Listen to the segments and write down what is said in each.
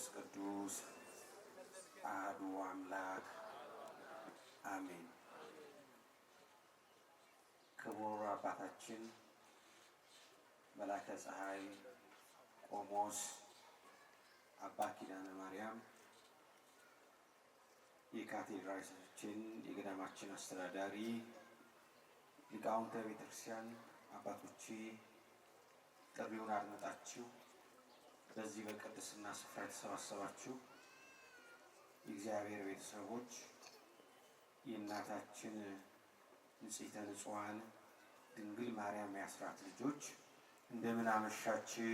መንፈስ ቅዱስ አሐዱ አምላክ አሜን። ክቡር አባታችን መላከ ፀሐይ ቆሞስ አባ ኪዳነ ማርያም የካቴድራችን የገዳማችን አስተዳዳሪ፣ ሊቃውንተ ቤተክርስቲያን አባቶቼ ጥሪውን አድመጣችሁ በዚህ በቅድስና ስፍራ የተሰባሰባችሁ የእግዚአብሔር ቤተሰቦች የእናታችን ንጽሕተ ንጹሐን ድንግል ማርያም የአስራት ልጆች እንደምን አመሻችሁ?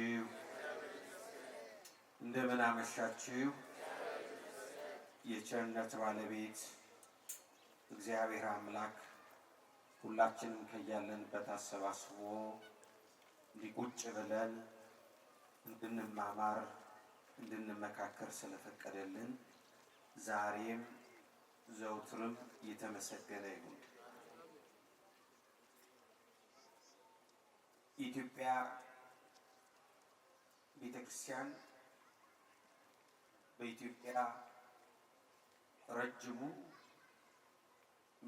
እንደምን አመሻችሁ? የቸርነት ባለቤት እግዚአብሔር አምላክ ሁላችንም ከያለንበት አሰባስቦ እንዲቁጭ ብለን እንድንማማር እንድንመካከር ስለፈቀደልን ዛሬም ዘውትርም እየተመሰገነ ይሁን። ኢትዮጵያ ቤተክርስቲያን በኢትዮጵያ ረጅሙ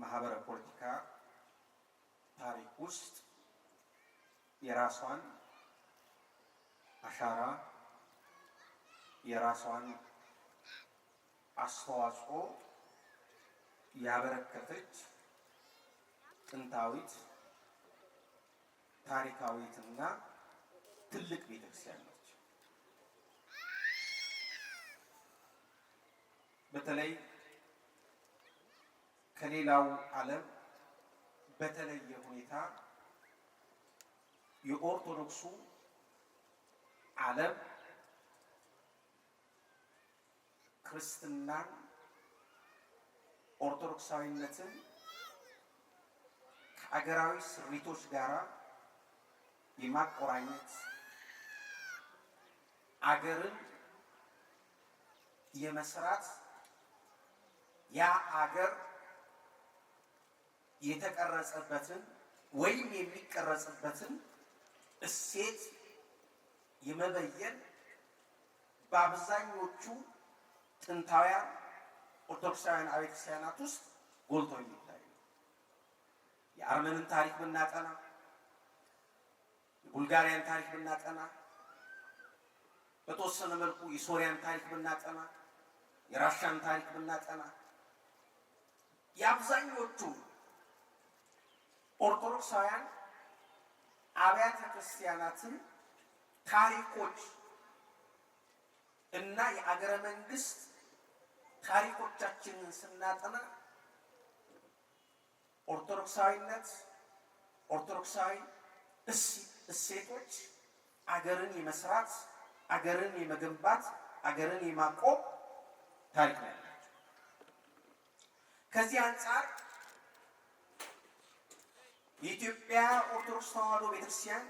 ማህበረ ፖለቲካ ታሪክ ውስጥ የራሷን አሻራ የራሷን አስተዋጽኦ ያበረከተች ጥንታዊት ታሪካዊትና ትልቅ ቤተክርስቲያን ነች። በተለይ ከሌላው ዓለም በተለየ ሁኔታ የኦርቶዶክሱ ዓለም ክርስትናን ኦርቶዶክሳዊነትን ከአገራዊ ስሪቶች ጋር የማቆራኘት አገርን የመስራት ያ አገር የተቀረጸበትን ወይም የሚቀረጽበትን እሴት የመበየን በአብዛኞቹ ጥንታውያን ኦርቶዶክሳውያን አብያተ ክርስቲያናት ውስጥ ጎልቶ የሚታይ የአርመንን ታሪክ ብናጠና፣ የቡልጋሪያን ታሪክ ብናጠና፣ በተወሰነ መልኩ የሶሪያን ታሪክ ብናጠና፣ የራሻን ታሪክ ብናጠና የአብዛኞቹ ኦርቶዶክሳውያን አብያተ ክርስቲያናትን ታሪኮች እና የአገረ መንግስት ታሪኮቻችንን ስናጠና ኦርቶዶክሳዊነት፣ ኦርቶዶክሳዊ እሴቶች አገርን የመስራት አገርን የመገንባት አገርን የማቆም ታሪክ ነው ያላቸው። ከዚህ አንጻር የኢትዮጵያ ኦርቶዶክስ ተዋህዶ ቤተክርስቲያን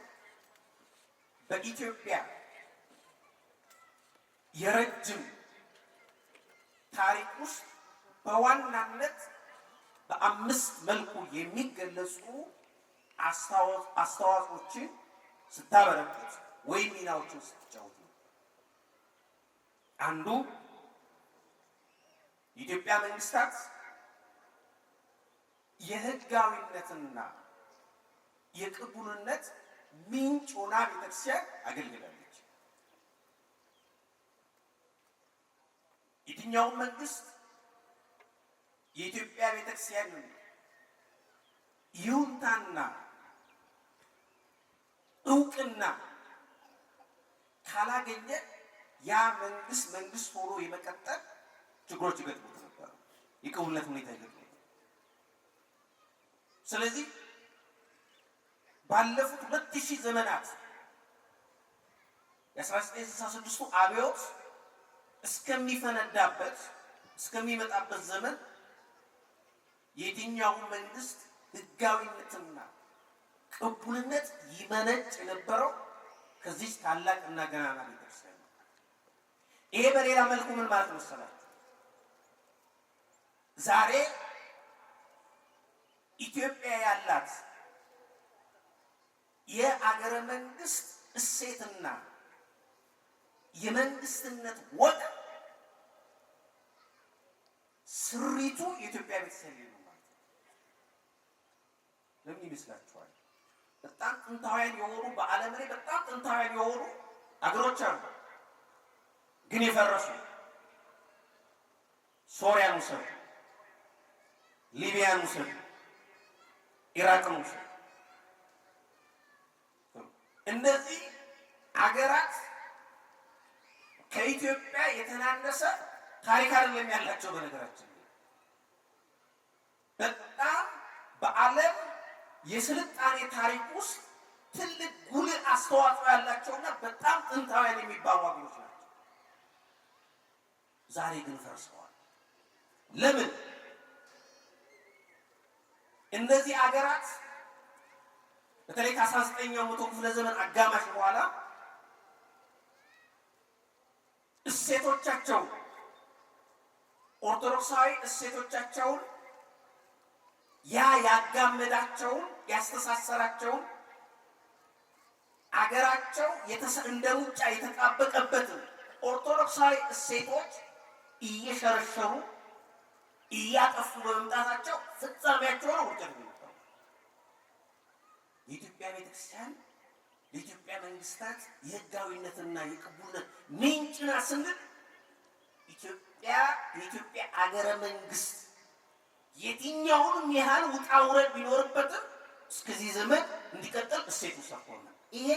በኢትዮጵያ የረጅም ታሪክ ውስጥ በዋናነት በአምስት መልኩ የሚገለጹ አስተዋጽኦችን ስታበረክት ወይም ሚናዎችን ስትጫወት ነው። አንዱ የኢትዮጵያ መንግስታት የህጋዊነትና የቅቡልነት ምንጭ ሆና ቤተክርስቲያን አገልግላለች። የትኛውም መንግስት የኢትዮጵያ ቤተክርስቲያን ይሁንታና እውቅና ካላገኘ ያ መንግስት መንግስት ሆኖ የመቀጠል ችግሮች ይገጥሙት ነበሩ። የቅቡልነት ሁኔታ ይገጥሙት። ስለዚህ ባለፉት ሁለት ሺህ ዘመናት ዘጠኝ 1966 ስድስቱ አብዮት እስከሚፈነዳበት እስከሚመጣበት ዘመን የትኛውን መንግስት ህጋዊነትና ቅቡልነት ይመነጭ የነበረው ከዚች እና ገናና ቤተክርስቲያን ነው። ይሄ በሌላ መልኩ ምን ማለት መሰላል? ዛሬ ኢትዮጵያ ያላት የአገረ መንግስት እሴትና የመንግስትነት ወጥ ስሪቱ የኢትዮጵያ ቤተሰብ ነው ማለት ነው። ለምን ይመስላችኋል? በጣም ጥንታውያን የሆኑ በዓለም ላይ በጣም ጥንታውያን የሆኑ አገሮች አሉ፣ ግን የፈረሱ ሶሪያን ውሰዱ፣ ሊቢያን ውሰዱ፣ ኢራቅን ውሰዱ እነዚህ አገራት ከኢትዮጵያ የተናነሰ ታሪክ አይደለም ያላቸው። በነገራችን በጣም በዓለም የስልጣኔ ታሪክ ውስጥ ትልቅ ጉልህ አስተዋጽኦ ያላቸውና በጣም ጥንታውያን የሚባሉ አገሮች ናቸው። ዛሬ ግን ፈርሰዋል። ለምን? እነዚህ አገራት በተለይ ከአስራ ዘጠነኛው መቶ ክፍለ ዘመን አጋማሽ በኋላ እሴቶቻቸው ኦርቶዶክሳዊ እሴቶቻቸውን ያ ያጋመዳቸውን ያስተሳሰራቸውን አገራቸው እንደ ውጫ የተጣበቀበትን ኦርቶዶክሳዊ እሴቶች እየሸረሸሩ እያጠፉ በመምጣታቸው ፍጻሜያቸው ነው የኢትዮጵያ ቤተክርስቲያን ለኢትዮጵያ መንግስታት የህጋዊነትና የቅቡልነት ምንጭና ስንል ኢትዮጵያ የኢትዮጵያ አገረ መንግስት የትኛውንም ያህል ውጣ ውረድ ቢኖርበትም እስከዚህ ዘመን እንዲቀጥል እሴት ውስጥ አቆመ። ይሄ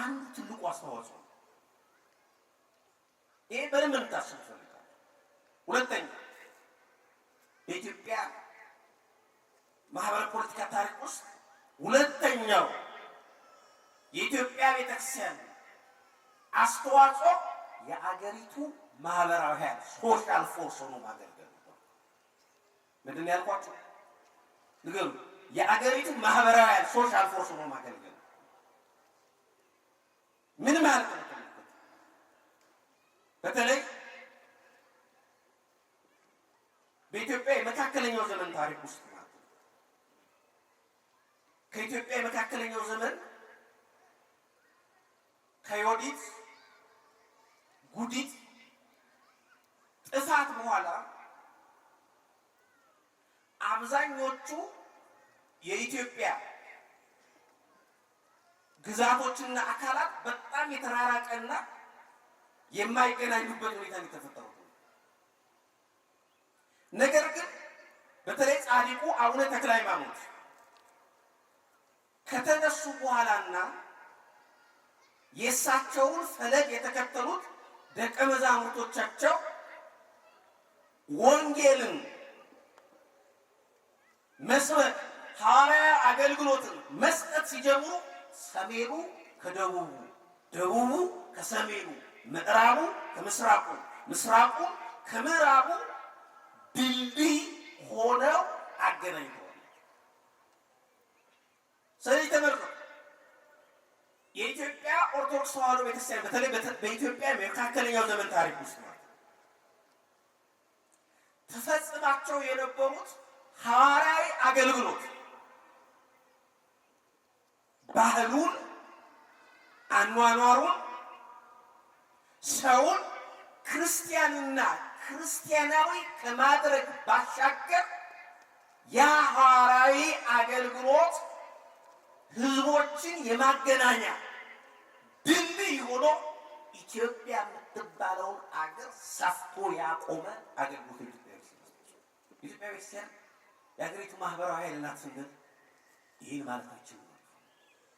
አንዱ ትልቁ አስተዋጽኦ ነው። ይሄ በደንብ እንድታስቡ እፈልጋለሁ። ሁለተኛ በኢትዮጵያ ማህበረ ፖለቲካ ታሪክ ውስጥ ሁለተኛው የኢትዮጵያ ቤተክርስቲያን አስተዋጽኦ የአገሪቱ ማህበራዊ ኃይል ሶሻል ፎርስ ሆኖ ማገልገል ነው። ምንድን ያልኳቸው ንገሩ። የአገሪቱ ማህበራዊ ኃይል ሶሻል ፎርስ ሆኖ ማገልገል ምን ማለት ነው? በተለይ በኢትዮጵያ የመካከለኛው ዘመን ታሪክ ውስጥ ነው ከኢትዮጵያ የመካከለኛው ዘመን ከዮዲት ጉዲት ጥፋት በኋላ አብዛኞቹ የኢትዮጵያ ግዛቶችና አካላት በጣም የተራራቀና የማይገናኙበት ሁኔታ የተፈጠሩ ነገር ግን በተለይ ጻድቁ አቡነ ተክለ ሃይማኖት ከተነሱ በኋላና የእሳቸውን ፈለግ የተከተሉት ደቀ መዛሙርቶቻቸው ወንጌልን መስበክ ሐዋርያ አገልግሎትን መስጠት ሲጀምሩ ሰሜኑ ከደቡቡ፣ ደቡቡ ከሰሜኑ፣ ምዕራቡ ከምስራቁ፣ ምስራቁ ከምዕራቡ ድልድይ ሆነው አገናኝተው ስለዚህ ተመርጦ የኢትዮጵያ ኦርቶዶክስ ተዋህዶ ቤተክርስቲያን በተለይ በኢትዮጵያ መካከለኛው ዘመን ታሪክ ውስጥ ነው ተፈጽማቸው የነበሩት ሐዋርያዊ አገልግሎት ባህሉን፣ አኗኗሩን፣ ሰውን ክርስቲያንና ክርስቲያናዊ ከማድረግ ባሻገር ያ ሐዋርያዊ አገልግሎት ህዝቦችን የማገናኛ ድልድይ ሆኖ ኢትዮጵያ የምትባለውን አገር ሰፍቶ ያቆመ አገልግሎት ኢትዮጵያ ቤተክርስቲያን የሀገሪቱ ማህበራዊ ኃይል ናት ስንል ይህን ማለታችን ነው።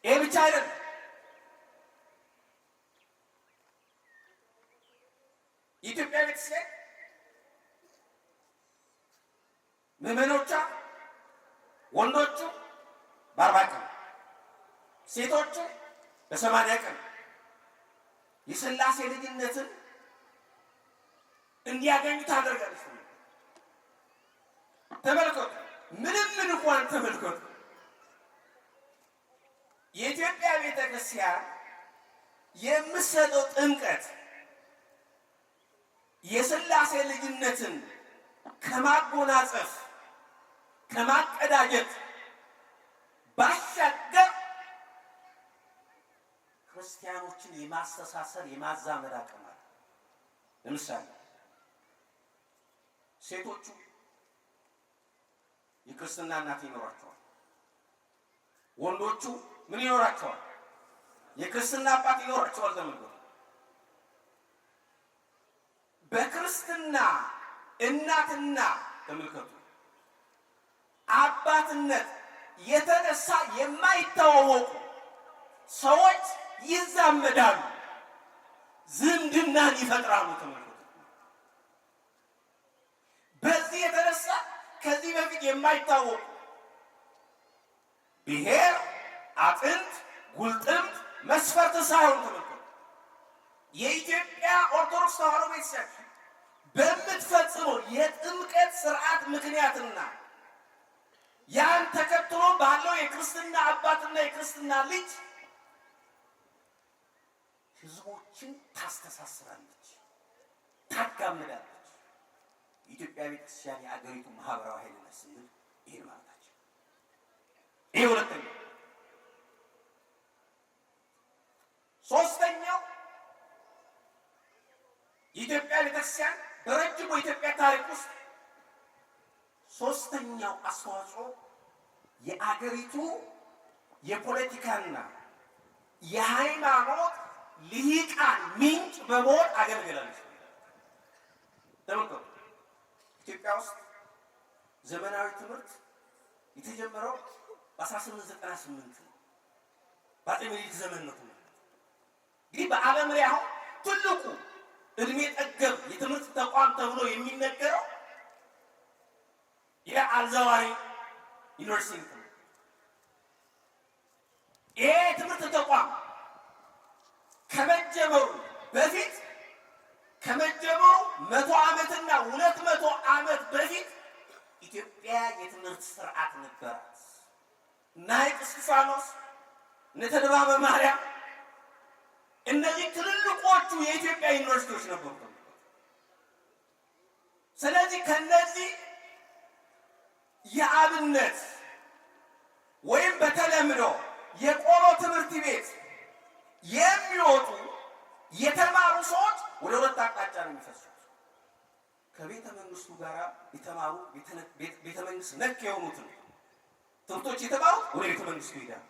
ይህ ብቻ አይደለም። የኢትዮጵያ ቤተክርስቲያን ምዕመኖቿ ወንዶቹ በአርባ ሴቶች በሰማንያ ቀን የስላሴ ልጅነትን እንዲያገኙ ታደርጋለች። ተመልከቱ፣ ምንም ምን እንኳን ተመልከቱ፣ የኢትዮጵያ ቤተ ክርስቲያን የምትሰጠው ጥምቀት የስላሴ ልጅነትን ከማጎናጸፍ ከማቀዳጀት ባሻገር ክርስቲያኖችን የማስተሳሰር የማዛመድ አቅም አለ። ለምሳሌ ሴቶቹ የክርስትና እናት ይኖራቸዋል። ወንዶቹ ምን ይኖራቸዋል? የክርስትና አባት ይኖራቸዋል። ዘመዶ በክርስትና እናትና ተመልከቱ አባትነት የተነሳ የማይተዋወቁ ሰዎች ይዛመዳሉ፣ ዝምድናን ይፈጥራሉ። ተመልከቱ። በዚህ የተነሳ ከዚህ በፊት የማይታወቁ ብሔር፣ አጥንት፣ ጉልጥምት መስፈርት ሳይሆን ተመልከቱ የኢትዮጵያ ኦርቶዶክስ ተዋሕዶ ቤተሰብ በምትፈጽመው የጥምቀት ስርዓት ምክንያትና ያን ተከትሎ ባለው የክርስትና አባትና የክርስትና ልጅ ህዝቦችን ታስተሳስራለች፣ ታጋምዳለች። የኢትዮጵያ ቤተክርስቲያን የአገሪቱ ማህበራዊ ኃይል ናት ስንል ይሄ ማለታቸው። ይህ ሁለተኛው። ሶስተኛው የኢትዮጵያ ቤተክርስቲያን በረጅሙ የኢትዮጵያ ታሪክ ውስጥ ሶስተኛው አስተዋጽኦ የአገሪቱ የፖለቲካና የሃይማኖት ልሂቃን ምንጭ በመሆን አገልግላለች። ተመልከቱ፣ ኢትዮጵያ ውስጥ ዘመናዊ ትምህርት የተጀመረው በ1898 ነው፣ በአፄ ምኒልክ ዘመን ነው። እንግዲህ በዓለም ላይ አሁን ትልቁ እድሜ ጠገብ የትምህርት ተቋም ተብሎ የሚነገረው የአልዘዋሪ ዩኒቨርሲቲ ነው። ይሄ የትምህርት ተቋም ከመጀመሩ በፊት ከመጀመሩ መቶ ዓመትና ሁለት መቶ ዓመት በፊት ኢትዮጵያ የትምህርት ስርዓት ነበራት። እነ ሐይቅ እስጢፋኖስ እነ ተድባበ ማርያም እነዚህ ትልልቆቹ የኢትዮጵያ ዩኒቨርሲቲዎች ነበሩ። ስለዚህ ከነዚህ የአብነት ወይም በተለምዶ የቆሎ ትምህርት ቤት የሚወጡ የተማሩ ሰዎች ወደ ሁለት አቅጣጫ ነው የሚፈሱት። ከቤተ መንግስቱ ጋር የተማሩ ቤተ መንግስት ነክ የሆኑት ነው ትምህርቶች የተማሩት ወደ ቤተ መንግስቱ ይሄዳል።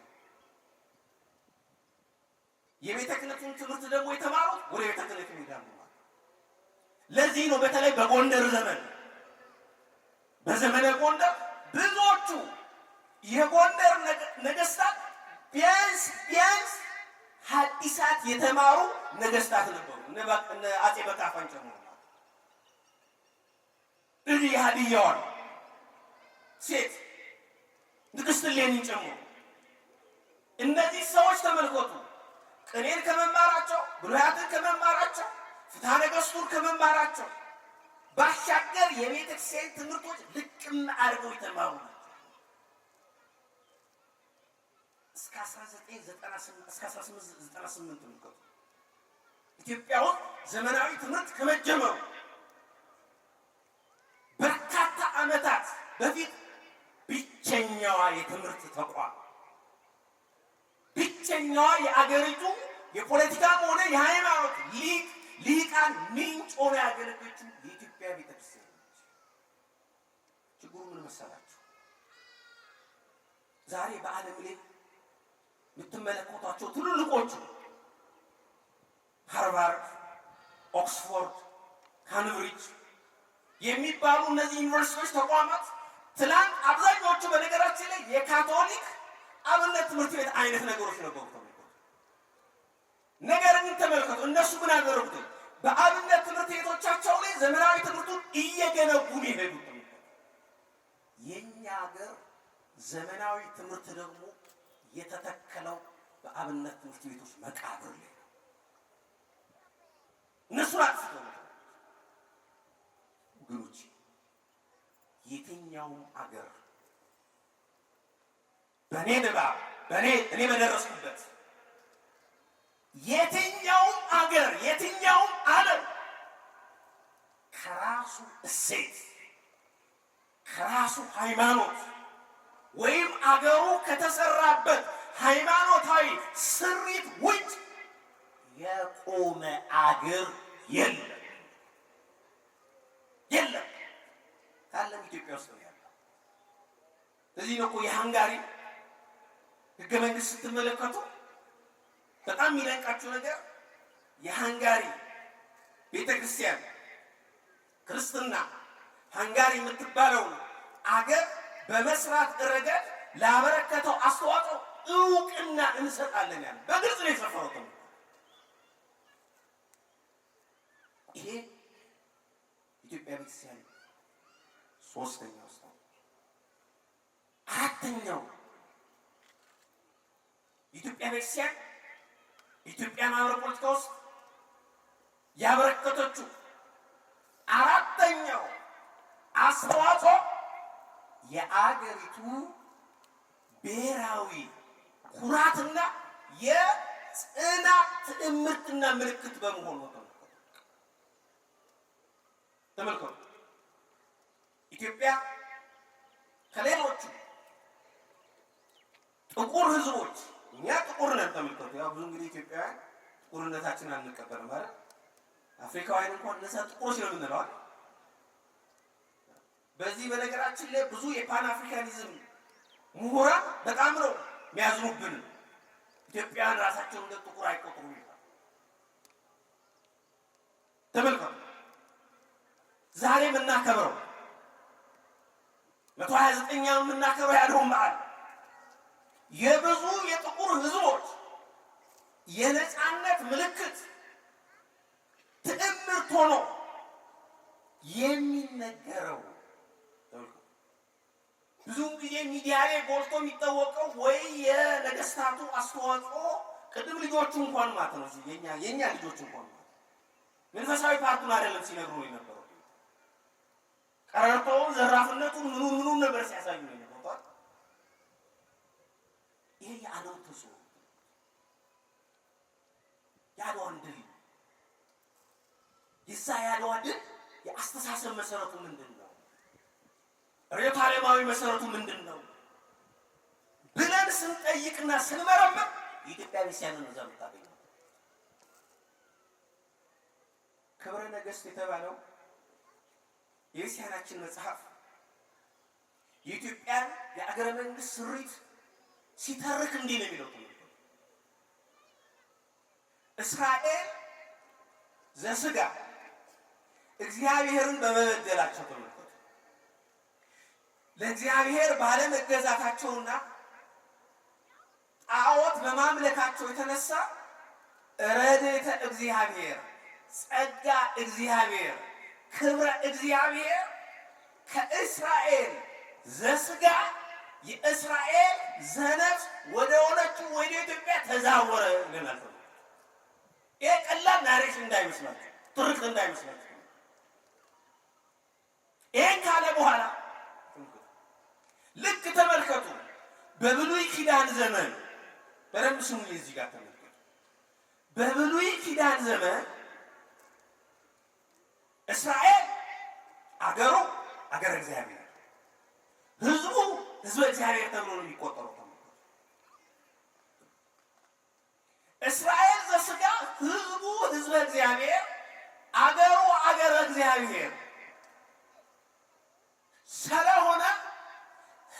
የቤተ ክህነቱን ትምህርት ደግሞ የተማሩት ወደ ቤተ ክህነቱ ይሄዳል። ለዚህ ነው በተለይ በጎንደር ዘመን በዘመነ ጎንደር ብዙዎቹ የጎንደር ነገስታት ቢያንስ ቢያንስ ሐዲሳት የተማሩ ነገስታት ነበሩ፣ አጼ በካፋን ጨምሮ። እዚህ የሀዲያዋን ሴት ንግስት እሌኒን ጨምሮ እነዚህ ሰዎች ተመልከቱ፣ ቅኔን ከመማራቸው ብሉያትን ከመማራቸው ፍትሐ ነገሥቱን ከመማራቸው ባሻገር የቤተክርስቲያን ትምህርቶች ልቅም አድርገው የተማሩ እስከ 1898 ምልከቱ ኢትዮጵያ ውስጥ ዘመናዊ ትምህርት ከመጀመሩ በርካታ ዓመታት በፊት ብቸኛዋ የትምህርት ተቋም ብቸኛዋ የአገሪቱ የፖለቲካም ሆነ የሃይማኖት ሊቅ ሊቃን ምንጭ ሆነ ያገለገለችው የኢትዮጵያ ቤተክርስቲያን ችግሩ ምን መሰላችሁ? ዛሬ በዓለም ላይ የምትመለከቷቸው ትልልቆቹ ሃርቫርድ፣ ኦክስፎርድ፣ ካንብሪጅ የሚባሉ እነዚህ ዩኒቨርሲቲዎች ተቋማት ትላንት አብዛኛዎቹ በነገራችን ላይ የካቶሊክ አብነት ትምህርት ቤት አይነት ነገሮች ነበሩ። ነገር ግን ተመልከቱ፣ እነሱ ምን አደረጉት? በአብነት ትምህርት ቤቶቻቸው ላይ ዘመናዊ ትምህርቱን እየገነቡ ነው የሄዱት። የእኛ ሀገር ዘመናዊ ትምህርት ደግሞ የተተከለው በአብነት ትምህርት ቤቶች መቃብር ላይ ነው። እነሱ አጥፍተው ወገኖች፣ የትኛውም አገር በእኔ ንባብ በእኔ እኔ በደረስኩበት የትኛውም አገር የትኛውም ዓለም ከራሱ እሴት ከራሱ ሃይማኖት ወይም አገሩ ከተሰራበት ሃይማኖታዊ ስሪት ውጭ የቆመ አገር የለም የለም። ካለም ኢትዮጵያ ውስጥ ነው ያለው። እዚህ ነው የሃንጋሪ ህገ መንግስት ስትመለከቱ በጣም የሚደንቃችሁ ነገር የሃንጋሪ ቤተክርስቲያን ክርስትና ሃንጋሪ የምትባለው አገር በመስራት ረገድ ላበረከተው አስተዋጽኦ እውቅና እንሰጣለን ያለ በግልጽ ነው የተሰፈሩት። ይሄ ኢትዮጵያ ቤተክርስቲያን ሶስተኛው ስ አራተኛው ኢትዮጵያ ቤተክርስቲያን ኢትዮጵያ ማህበረ ፖለቲካ ውስጥ ያበረከተችው አራተኛው አስተዋጽኦ የአገሪቱ ብሔራዊ ኩራትና የጽናት ትዕምርትና ምልክት በመሆኑ ተመልከቱ። ኢትዮጵያ ከሌሎቹ ጥቁር ህዝቦች እኛ ጥቁር ነን። ተመልከቱ። ያው ብዙ እንግዲህ ኢትዮጵያውያን ጥቁርነታችን አንቀበልም ማለት አፍሪካውያን እንኳን እነዛ ጥቁሮች ነው የምንለዋል በዚህ በነገራችን ላይ ብዙ የፓን አፍሪካኒዝም ምሁራን በጣም ነው የሚያዝኑብን። ኢትዮጵያን ራሳቸውን እንደ ጥቁር አይቆጥሩ ይባል። ተመልከቱ፣ ዛሬ የምናከብረው መቶ ሀያ ዘጠኛው የምናከብረው ያለውን በዓል የብዙ የጥቁር ህዝቦች የነፃነት ምልክት ትዕምርት ሆኖ የሚነገረው ብዙውን ጊዜ ሚዲያ ላይ ጎልቶ የሚታወቀው ወይ የነገስታቱ አስተዋጽኦ ቅድም ልጆቹ እንኳን ማለት ነው የኛ ልጆቹ እንኳን ማለት መንፈሳዊ ፓርቱን አይደለም ሲነግሩ የነበረው ቀረርቶውን ዘራፍነቱን ምኑ ምኑ ነበር ሲያሳዩ ነው የነበረው። ይሄ የአድዋ ተሶ የአድዋን ድል የዛ የአድዋ ድል የአስተሳሰብ መሰረቱ ምንድን ነው? ርዕዮተ ዓለማዊ መሰረቱ ምንድን ነው ብለን ስንጠይቅና ስንመረምር የኢትዮጵያ ቤተክርስቲያንን ነው እዛ የምታገኘው። ክብረ ነገስት የተባለው የቤተክርስቲያናችን መጽሐፍ የኢትዮጵያን የአገረ መንግስት ስሪት ሲተርክ እንዲህ ነው የሚለው እስራኤል ዘስጋ እግዚአብሔርን በመበደላቸው ለእግዚአብሔር ባለመገዛታቸውና ጣዖት በማምለካቸው የተነሳ ረድኤተ እግዚአብሔር፣ ጸጋ እግዚአብሔር፣ ክብረ እግዚአብሔር ከእስራኤል ዘስጋ የእስራኤል ዘነፍስ ወደ ሆነችው ወደ ኢትዮጵያ ተዛወረ ልመልኩ። ይህ ቀላል ናሬሽ እንዳይመስላችሁ፣ ትርክ እንዳይመስላችሁ። ይህን ካለ በኋላ ልክ ተመልከቱ። በብሉይ ኪዳን ዘመን በደንብ ስሙ። እዚህ ጋር ተመልከቱ። በብሉይ ኪዳን ዘመን እስራኤል አገሩ አገር እግዚአብሔር፣ ህዝቡ ህዝበ እግዚአብሔር ተብሎ ነው የሚቆጠረው። እስራኤል ዘስጋ ህዝቡ ህዝበ እግዚአብሔር፣ አገሩ አገረ እግዚአብሔር ስለሆነ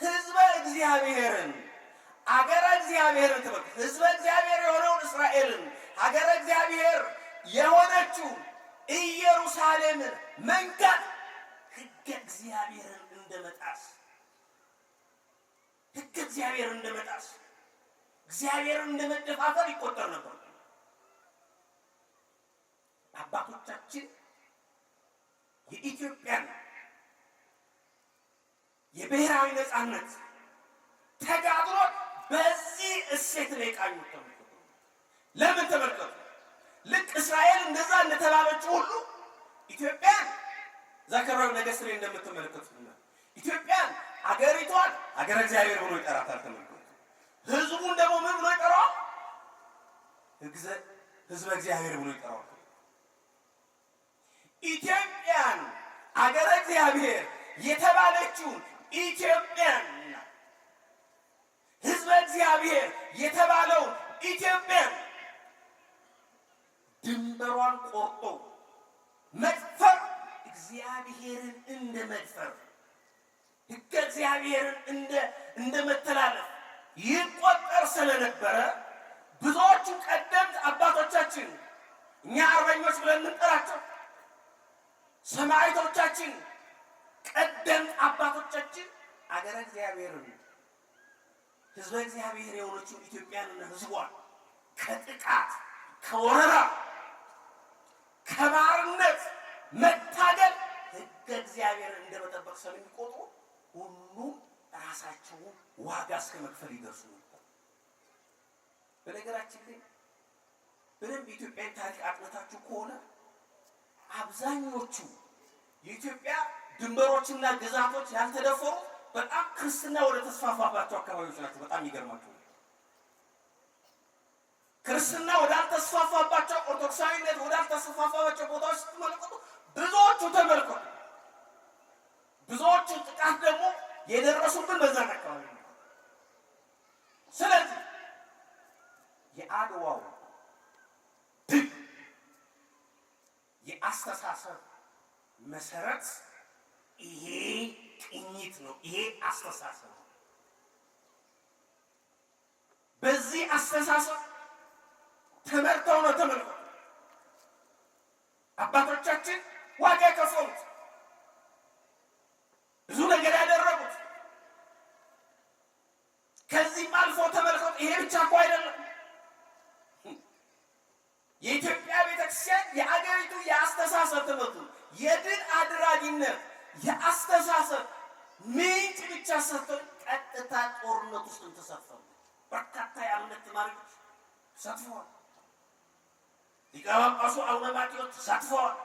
ህዝበ እግዚአብሔርን አገረ እግዚአብሔርን ትምህርት ህዝበ እግዚአብሔር የሆነውን እስራኤልን አገረ እግዚአብሔር የሆነችው ኢየሩሳሌምን መንካት ህገ እግዚአብሔርን እንደመጣስ ህገ እግዚአብሔርን እንደመጣስ እግዚአብሔርን እንደመደፋፈር ይቆጠር ነበር። አባቶቻችን የኢትዮጵያን የብሔራዊ ነፃነት ተጋድሎ በዚህ እሴት ነው የቃኙት። ለምን ተመልከቱ። ልክ እስራኤል እንደዛ እንደተባለችው ሁሉ ኢትዮጵያን ዘከብረው ነገሥት ላይ እንደምትመለከቱት ኢትዮጵያን አገሪቷን አገረ እግዚአብሔር ብሎ ይጠራታል። ተመልከቱ። ህዝቡን ደግሞ ምን ብሎ ይጠራዋል? ህዝበ እግዚአብሔር ብሎ ይጠራዋል። ኢትዮጵያን አገረ እግዚአብሔር የተባለችውን ኢትዮጵያን ህዝበ እግዚአብሔር የተባለው ኢትዮጵያን ድንበሯን ቆርጦ መድፈር እግዚአብሔርን እንደ መድፈር ሕገ እግዚአብሔርን እንደ መተላለፍ ይቆጠር ስለነበረ ብዙዎቹ ቀደምት አባቶቻችን እኛ አርበኞች ብለን የምንጠራቸው ሰማዕታቶቻችን ቀደምት አባቶቻችን አገረ እግዚአብሔርን ህዝበ እግዚአብሔር የሆነችው ኢትዮጵያንና ህዝቧን ከጥቃት ከወረራ ከባርነት መታገል ህገ እግዚአብሔርን እንደመጠበቅ ስለሚቆጥሩ ሁሉም ራሳቸው ዋጋ እስከ መክፈል ይደርሱ ነበር። በነገራችን ላይ በደንብ የኢትዮጵያን ታሪክ አጥነታችሁ ከሆነ አብዛኞቹ የኢትዮጵያ ድንበሮችና ግዛቶች ያልተደፈሩ በጣም ክርስትና ወደ ተስፋፋባቸው አካባቢዎች ናቸው። በጣም ይገርማቸው። ክርስትና ወዳልተስፋፋባቸው ኦርቶዶክሳዊነት ወዳልተስፋፋባቸው ቦታዎች ስትመለከቱ ብዙዎቹ ተመልከቱ። ብዙዎቹ ጥቃት ደግሞ የደረሱብን በዛ አካባቢ ነው። ስለዚህ የአድዋው ድግ የአስተሳሰብ መሰረት ይሄ ቅኝት ነው። ይሄ አስተሳሰብ ነው። በዚህ አስተሳሰብ ተመርተው ነው ተመልከው አባቶቻችን ዋጋ የከፈሉት ብዙ ነገር ያደረጉት ከዚህም አልፎ ተመልከው። ይሄ ብቻ እኮ አይደለም። የኢትዮጵያ ቤተክርስቲያን የአገሪቱ የአስተሳሰብ ትምህርቱ የድል አድራጊነት የአስተሳሰብ ምንጭ ብቻ ሰጥተው ቀጥታ ጦርነት ውስጥ ተሳተፉ። በርካታ የአምነት ተማሪዎች ተሳትፈዋል። ሊቀ ጳጳሱ አቡነ ማትያስ ተሳትፈዋል።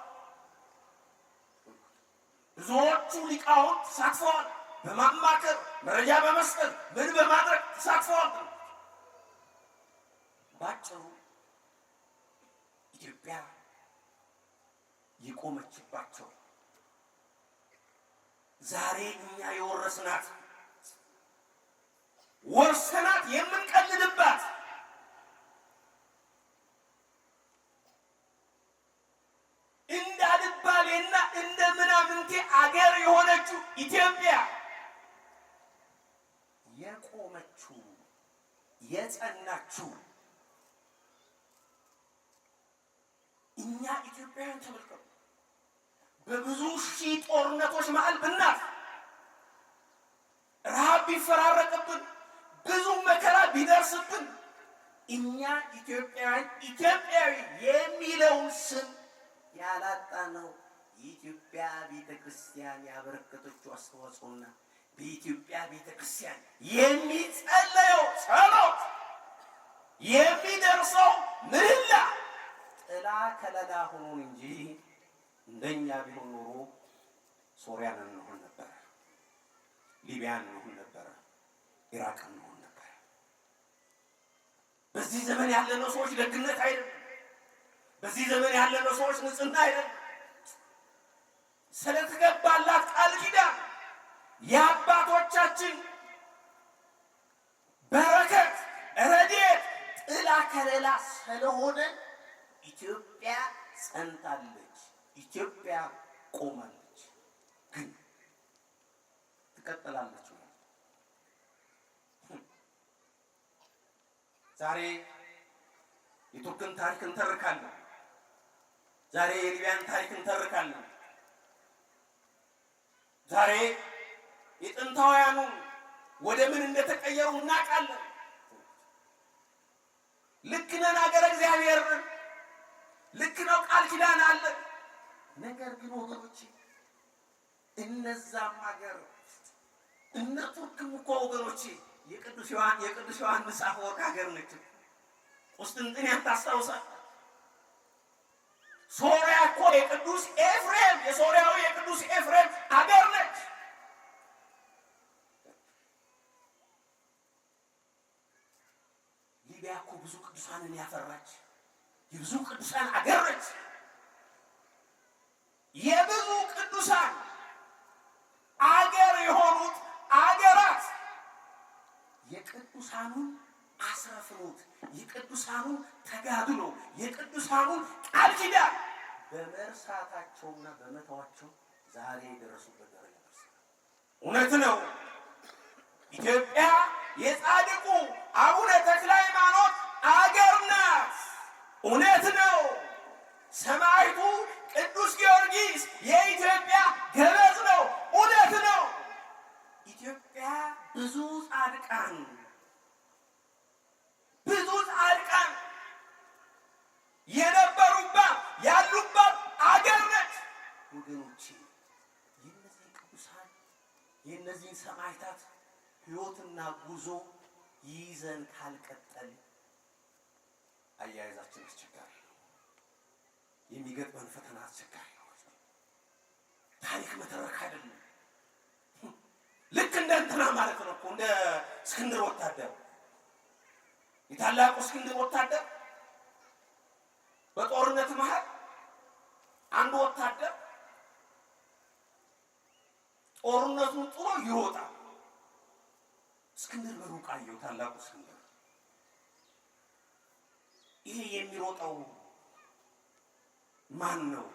ብዙዎቹ ሊቃውንት ተሳትፈዋል። በማማከር መረጃ በመስጠት ምን በማድረግ ተሳትፈዋል። ባጭሩ ኢትዮጵያ የቆመችባቸው ዛሬ እኛ የወረስናት ወርሰናት የምንቀልድባት እንዳልባሌና እንደ ምናምንቴ አገር የሆነችው ኢትዮጵያ የቆመችው የጸናችው እኛ ኢትዮጵያውያን ተመልከቱ። በብዙ ሺህ ጦርነቶች መሃል ብናት ረሃብ ቢፈራረቅብን ብዙ መከራ ቢደርስብን እኛ ኢትዮጵያውያን ኢትዮጵያዊ የሚለውን ስም ያላጣ ነው። የኢትዮጵያ ቤተ ክርስቲያን ያበረከተችው አስተዋጽኦና በኢትዮጵያ ቤተ ክርስቲያን የሚጸለየው ጸሎት የሚደርሰው ምህላ ጥላ ከለላ ሆኖን እንጂ እንደኛ ቢሆን ኖሮ ሶሪያን እንሆን ነበረ፣ ሊቢያን እንሆን ነበረ፣ ኢራቅ እንሆን ነበረ። በዚህ ዘመን ያለነው ሰዎች ደግነት አይደለም። በዚህ ዘመን ያለነው ሰዎች ንጽህና አይደለም። ስለተገባላት ቃል ኪዳን የአባቶቻችን በረከት፣ ረድኤት፣ ጥላ ከለላ ስለሆነ ኢትዮጵያ ጸንታለች። ኢትዮጵያ ቆማለች፣ ግን ትቀጥላለች። ዛሬ የቱርክን ታሪክ እንተርካለን። ዛሬ የሊቢያን ታሪክ እንተርካለን። ዛሬ የጥንታውያኑ ወደ ምን እንደተቀየሩ እናውቃለን። ልክ ነን፣ አገረ እግዚአብሔር ልክ ነው፣ ቃል ኪዳን አለን። ነገር ግን ወገኖች እነዛም ሀገር እነ ቱርክም እኮ ወገኖቼ የቅዱስ ዮሐንስ አፈወርቅ ሀገር ነች። ቁስጥንጥንያን ታስታውሳል። ሶሪያ እኮ የቅዱስ ኤፍሬም የሶሪያዊ የቅዱስ ኤፍሬም ሀገር ነች። ሊቢያ እኮ ብዙ ቅዱሳንን ያፈራች የብዙ ቅዱሳን ሀገር ነች። የብዙ ቅዱሳን አገር የሆኑት አገራት የቅዱሳኑን አስረፍሮት የቅዱሳኑን ተጋድሎ የቅዱሳኑን ቃል ኪዳን በመርሳታቸውና በመተዋቸው ዛሬ የደረሱበት ደረጃ እውነት ነው። ኢትዮጵያ የጻድቁ አቡነ ተክለ ሃይማኖት አገር ናት። እውነት ነው። ሰማይቱ ቅዱስ ጊዮርጊስ የኢትዮጵያ ገበዝ ነው። እውነት ነው። ኢትዮጵያ ብዙ ጻድቃን ብዙ ጻድቃን የነበሩባት ያሉባት አገር ነች። ወገኖቼ የነዚህ ቅዱሳን የነዚህን ሰማዕታት ሕይወትና ጉዞ ይዘን ካልቀጠል አያያዛችን አስቸጋሪ የሚገጥመን ፈተና አስቸጋሪ ነው። ታሪክ መተረክ አይደለም። ልክ እንደ እንትና ማለት ነው እኮ እንደ እስክንድር ወታደር፣ የታላቁ እስክንድር ወታደር በጦርነት መሀል አንዱ ወታደር ጦርነቱን ጥሎ ይሮጣል። እስክንድር በሩቅ አየው። ታላቁ እስክንድር ይሄ የሚሮጠው ማን ነው?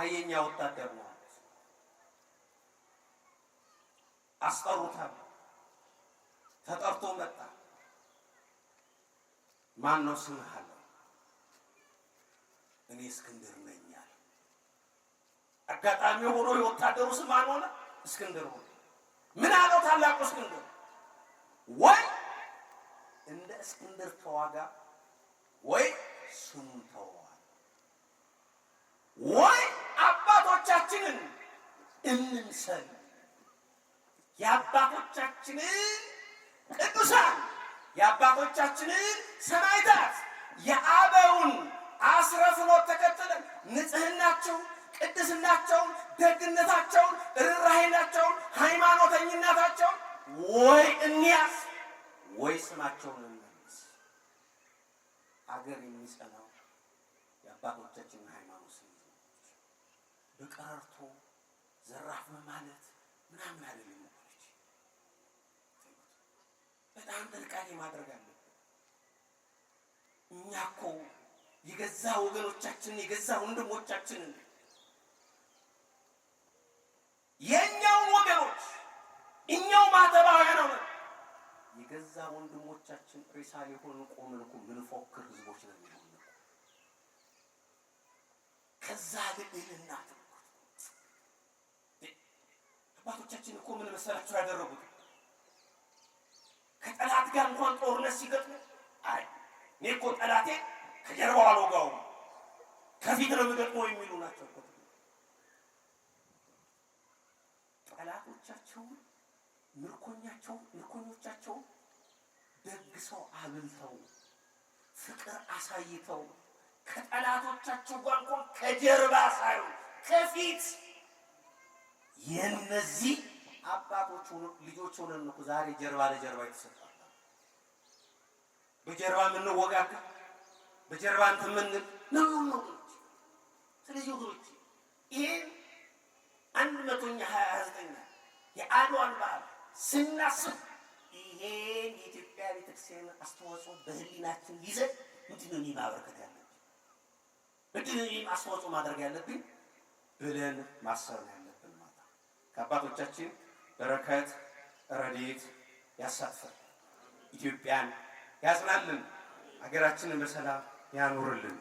አየኛ ወታደር ነው። አስጠሩታል። ተጠርቶ መጣ። ማን ነው ስምህ አለው። እኔ እስክንድር ነኝ አለ። አጋጣሚ ሆኖ የወታደሩ ስም አልሆነ፣ እስክንድር ሆነ። ምን አለው ታላቁ እስክንድር ወይ እንደ እስክንድር ተዋጋ ወይ ስሙን ተዋ ወይ አባቶቻችንን እንምሰል። የአባቶቻችንን ቅዱሳን የአባቶቻችንን ሰማዕታት የአበውን አስረፍኖት ተከትለን ንጽህናቸው ቅድስናቸውን፣ ደግነታቸውን፣ ርኅራኄያቸውን፣ ሃይማኖተኝነታቸውን ወይ እንያዝ ወይ ስማቸውን እንመልስ። አገር የሚጸናው የአባቶቻችን ቀረርቶ ዘራፍ ማለት ምናምን አይደለም ወገኖች፣ በጣም ጥንቃቄ ማድረግ አለብን። እኛ እኮ የገዛ ወገኖቻችንን የገዛ ወንድሞቻችንን የእኛውን ወገኖች እኛው ማተባውያን ነው የገዛ ወንድሞቻችን ሬሳ የሆኑ ቆመን ምንፎክር ህዝቦች ነው ከዛ ግን እናት አባቶቻችን እኮ ምን መሰላቸው ያደረጉት? ከጠላት ጋር እንኳን ጦርነት ሲገጥሙ አይ እኔ እኮ ጠላቴ ከጀርባው አልወጋውም ከፊት ነው የሚገጥመው የሚሉ ናቸው እኮ ጠላቶቻቸውን ምርኮኛቸው ምርኮኞቻቸው ደግሰው አብልተው ፍቅር አሳይተው ከጠላቶቻቸው ጋር እንኳን ከጀርባ ሳይሆን ከፊት የነዚህ አባቶች ልጆች እኮ ዛሬ ጀርባ ለጀርባ በጀርባ በጀርባ እንትን የምንል ነው ነው። ስለዚህ ወገኖች ይሄን አንድ መቶኛ ሀያ ዘጠኛ የአድዋን በዓል ስናስብ ይሄን የኢትዮጵያ ቤተክርስቲያን አስተዋጽኦ በህሊናችን ይዘን ምንድነው እኔ ማበርከት አስተዋጽኦ ማድረግ ብለን ማሰብ ነው። ከአባቶቻችን በረከት ረድኤት ያሳፍር፣ ኢትዮጵያን ያጽናልን፣ ሀገራችንን በሰላም ያኑርልን።